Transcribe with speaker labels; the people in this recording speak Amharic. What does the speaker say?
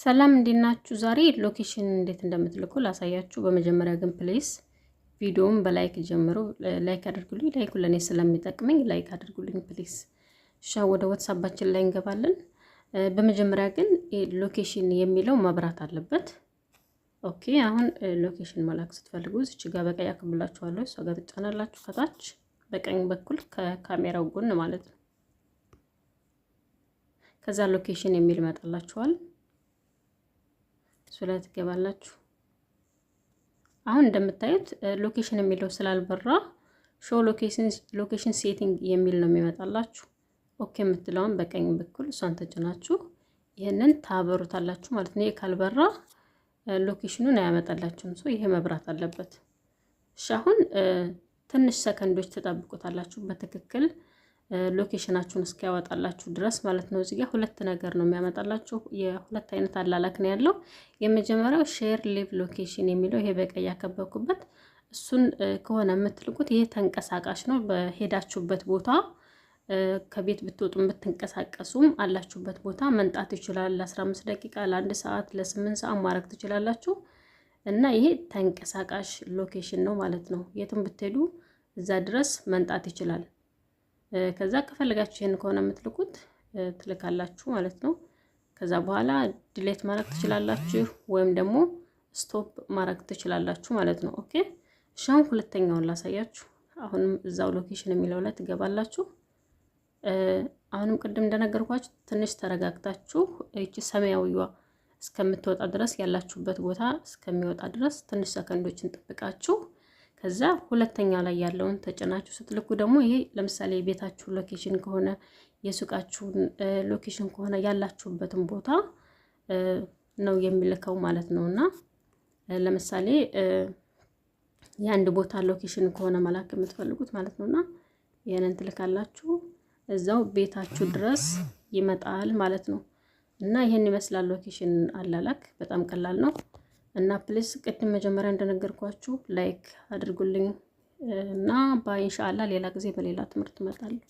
Speaker 1: ሰላም እንዴናችሁ ዛሬ ሎኬሽን እንዴት እንደምትልኩ ላሳያችሁ። በመጀመሪያ ግን ፕሌስ ቪዲዮውን በላይክ ጀምሩ። ላይክ አድርጉልኝ። ላይኩ ለእኔ ስለሚጠቅመኝ ላይክ አድርጉልኝ ፕሌስ። እሺ ወደ ዋትሳፓችን ላይ እንገባለን። በመጀመሪያ ግን ሎኬሽን የሚለው መብራት አለበት። ኦኬ አሁን ሎኬሽን መላክ ስትፈልጉ እዚች ጋር በቀይ አክብላችኋለሁ። እሷ ጋር ትጫናላችሁ። ከታች በቀኝ በኩል ከካሜራው ጎን ማለት ነው። ከዛ ሎኬሽን የሚል ይመጣላችኋል። እሱ ላይ ትገባላችሁ። አሁን እንደምታዩት ሎኬሽን የሚለው ስላልበራ ሾ ሎኬሽን ሴቲንግ የሚል ነው የሚመጣላችሁ። ኦኬ የምትለውን በቀኝ በኩል እሷን ተጭናችሁ ይህንን ታበሩታላችሁ ማለት ነው። ይህ ካልበራ ሎኬሽኑን አያመጣላችሁም። ሰው ይሄ መብራት አለበት። እሺ አሁን ትንሽ ሰከንዶች ተጠብቁታላችሁ በትክክል ሎኬሽናችሁን እስኪያወጣላችሁ ድረስ ማለት ነው። እዚጋ ሁለት ነገር ነው የሚያመጣላችሁ። የሁለት አይነት አላላክ ነው ያለው። የመጀመሪያው ሼር ሊቭ ሎኬሽን የሚለው ይሄ በቀይ ያከበኩበት እሱን ከሆነ የምትልቁት ይሄ ተንቀሳቃሽ ነው። በሄዳችሁበት ቦታ ከቤት ብትወጡ የምትንቀሳቀሱም አላችሁበት ቦታ መንጣት ይችላል። ለ15 ደቂቃ፣ ለአንድ ሰዓት፣ ለስምንት ሰዓት ማድረግ ትችላላችሁ። እና ይሄ ተንቀሳቃሽ ሎኬሽን ነው ማለት ነው። የትም ብትሄዱ እዛ ድረስ መንጣት ይችላል። ከዛ ከፈለጋችሁ ይሄን ከሆነ የምትልኩት ትልካላችሁ ማለት ነው። ከዛ በኋላ ድሌት ማድረግ ትችላላችሁ ወይም ደግሞ ስቶፕ ማድረግ ትችላላችሁ ማለት ነው። ኦኬ እሺ፣ ሁለተኛውን ላሳያችሁ። አሁንም እዛው ሎኬሽን የሚለው ላይ ትገባላችሁ። አሁንም ቅድም እንደነገርኳችሁ ትንሽ ተረጋግታችሁ ይቺ ሰማያዊዋ እስከምትወጣ ድረስ ያላችሁበት ቦታ እስከሚወጣ ድረስ ትንሽ ሰከንዶችን ጠብቃችሁ ከዛ ሁለተኛ ላይ ያለውን ተጭናችሁ ስትልኩ ደግሞ ይሄ ለምሳሌ የቤታችሁ ሎኬሽን ከሆነ የሱቃችሁን ሎኬሽን ከሆነ ያላችሁበትን ቦታ ነው የሚልከው ማለት ነው። እና ለምሳሌ የአንድ ቦታ ሎኬሽን ከሆነ መላክ የምትፈልጉት ማለት ነው። እና ይህንን ትልካላችሁ እዛው ቤታችሁ ድረስ ይመጣል ማለት ነው። እና ይህን ይመስላል ሎኬሽን አላላክ። በጣም ቀላል ነው። እና ፕሊስ ቅድም መጀመሪያ እንደነገርኳችሁ ላይክ አድርጉልኝ እና በኢንሻአላ ሌላ ጊዜ በሌላ ትምህርት እመጣለሁ።